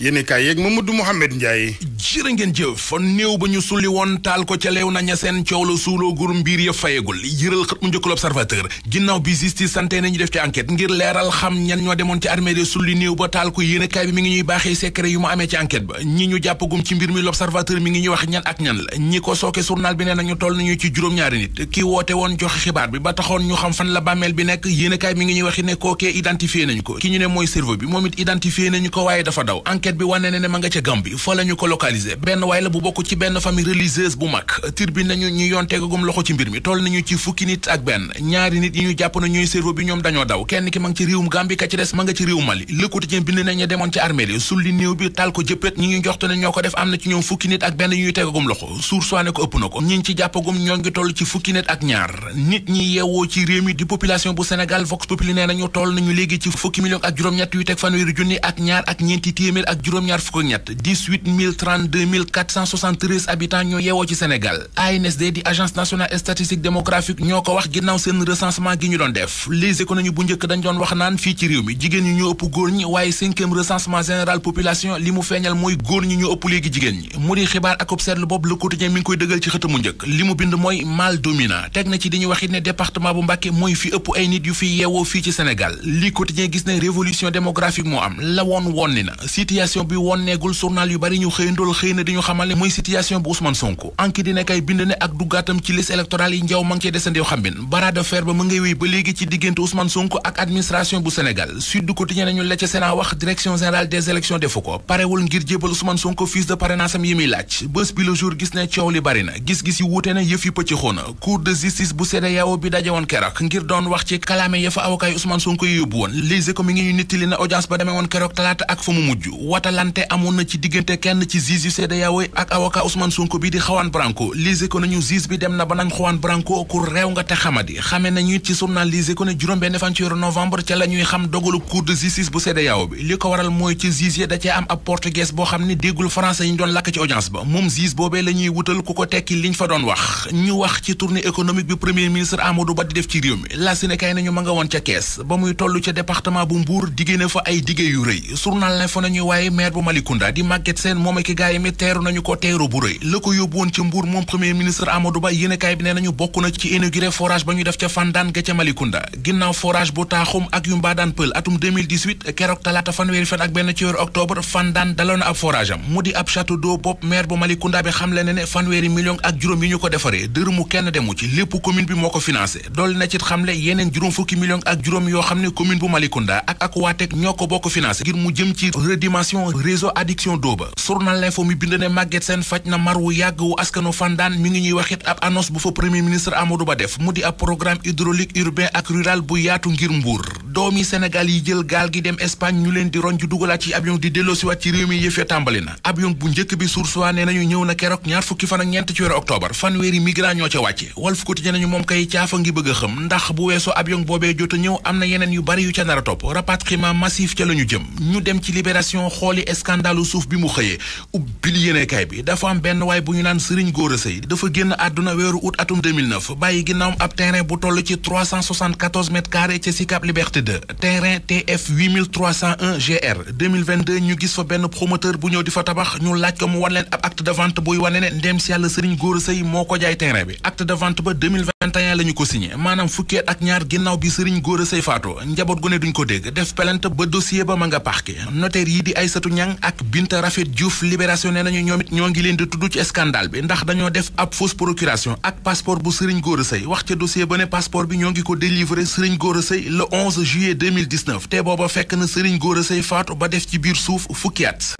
yéene kaay yeeg Mamadou Mouhamed Ndiaye jërë ngeen jëf néew ba ñu sulli woon taal ko ca leew na ña seen coow la suuloo gurum mbir ya fayegul yëral xët mu njëkkal observateur ginnaaw bi justice sante ñu def ci enquête ngir leeral xam ñan ñoo demoon ci armée de sulli néew ba taal ko yéene kaay bi mi ngi ñuy baaxee secret yu mu amee ci enquête ba ñi ñu jàppagum ci mbir mi l'observateur mi ngi ñuy wax ñan ak ñan la ñi ko sooke journal bi nee nañu toll nañu ci juróom-ñaari nit ki woote woon joxe xibaar bi ba taxoon xam fan la bàmmeel bi nekk yéene kaay mi ngi ñuy waxi ne kookee identifié nañu ko ki ñu ne mooy cerveau bi moom it identifié ko waaye dafa daw enquête enquête bi wane ne ne ma nga ca fa la ko localisé benn waaye bu bokk ci benn famille religieuse bu mag tir bi nañu ñu yoon tegagum loxo ci mbir mi toll nañu ci fukki nit ak benn dañoo daw kenn ki ma ci réewum Gambie ka ci bind nañ ña demoon ci armée li néew bi taal ko jëppét ñi ñu joxte ne ñoo ko def am na ci ñoom fukki nit ak benn ñuy tegagum loxo suur soine ko ëpp na ko ñi ci jàppagum ñoo ngi toll ci fukki nit ak ñaar nit ñi yeewoo ci réew mi di population bu Sénégal ak juróom-ñaar fukk ak ñett dix-huit mille trente-deux mille quatre cent soixante-treize habitants ñoo yeewoo ci Sénégal ANSD di agence nationale statistique démographique ñoo ko wax ginnaaw seen recensement gi ñu doon def les économies bu njëkk dañ doon wax naan fii ci réew mi jigéen ñi ñoo ëpp góor ñi waaye cinquième recensement général population li mu feeñal mooy góor ñi ñoo ëpp léegi jigéen ñi mu di xibaar ak ob seetlu boobu Le Quotidien mi ngi koy dëggal ci xëtu njëkk li mu bind mooy mal dominant teg na ci di ne département bu Mbàkke mooy fi ëpp ay nit yu fi yeewoo fii ci Sénégal li Quotidien gis ne révolution démographique moo am woon woon ni situation bi wonneegul journal yu bari ñu xëyandol xëy na di ñu xamal ne mooy situation bu Ousmane Sonko anki dina kay bind ne ak duggaatam ci liste électorale yi njaw ma ngi cee xambin bara fer ba mu ngay wéy ba léegi ci diggante Ousmane Sonko ak administration bu Sénégal Sud du Quotidien nañu la ca wax direction générale des élections defu ko parewul ngir jébal Ousmane Sonko fiche de parrainage am yi muy laaj bés bi le jour gis ne coow li bari na gis-gis xotalante amoon na ci diggante kenn ci juge yu CEDEAO ak avocat Ousmane Sonko bi di Juan Branco lise ko nañu juge bi dem na ba naan Juan Branco ku réew nga te xamadi xamee nañu it ci journal lise ko ne juróom-benn fan ci weeru novembre ca la ñuy xam dogalu cour de justice bu CEDEAO bi li ko waral mooy ci juge da cee am ab portugais boo xam ne déggul français yi ñu doon lakk ci audience ba moom juge boobee la ñuy wutal ku ko tekki liñ fa doon wax ñu wax ci tournée économique bi premier ministre Amadou Ba ne kay ay diggée yu waaye maire bu Malicounda di Maguette Sène moom ak gaay mi teeru nañu ko teeru bu rëy la ko yóbbu woon ci mbuur moom premier ministre Amadou Ba yéenekaay bi nee nañu bokk na ci inauguré forage ba ñu def ca Fandaan ga ca Malicounda ginnaaw forage bu taaxum ak yu mbaadaan pël atum keroog talaata fanweeri fan ak benn ci weeru octobre Fandaan daloon ab forage am mu di ab château d'eau bopp maire bu Malicounda bi xamle ne ne fanweeri million ak juróom yi ñu ko moo ko financé dool na ci xamle yeneen juróom ne commune bu Malicounda ko bokk financé coordination réseau addiction dóoba journal l'info mi bind ne Maguette Sène faj na mar wu yàgg wu askanu Fandaan mi ngi ñuy waxit ab annonce bu fa premier ministre Amadou Ba def mu di ab programme hydraulique urbain ak rural bu yaatu ngir Mbuur doomi Sénégal yi jël gaal gi dem Espagne ñu leen di roñ ju dugalaat ci avion di delloosiwaat ci réew mi yëf ya tàmbali na avion bu njëkk bi sursuwaa ne nañu ñëw na keroog ñaar fukki fan ak ñeent ci weeru octobre fanweeri migrant yu bari yu ca nar a topp xooli scandalu suuf bi mu xëyee ubbil yéenekaay bi dafa am benn waay bu ñu naan Serigne Gora Seye dafa génn àdduna weeru août atum 2009 bàyyi ginnaawam ab terrain bu toll ci 374 mètres carrés ca Sicap Liberté 2 terrain TF 8301 GR 2022 ñu gis fa benn promoteur bu ñëw di fa tabax ñu laaj ko mu wan leen ab acte de vente buy wane ne ndem si yàlla Serigne Gora moo ko jaay terrain bi acte de vente ba 21 la ñu ko signé maanaam fukki ak ñaar ginnaaw bi sëriñ Gora Seye faatoo njaboot gu ne duñ ko dégg def plainte ba dossier ba ma nga parquet notaire yi di Aysatu Ñang ak Binta Rafet Diouf libération nee nañu ñoom ñoo ngi leen di tudd ci scandale bi ndax dañoo def ab fausse procuration ak passeport bu sëriñ Gora Seye wax ca dossier ba ne passeport bi ñoo ngi ko délivré sëriñ Gora Seye le 11 juillet 2019 te booba fekk na sëriñ Gora Seye faatu ba def ci biir suuf fukki at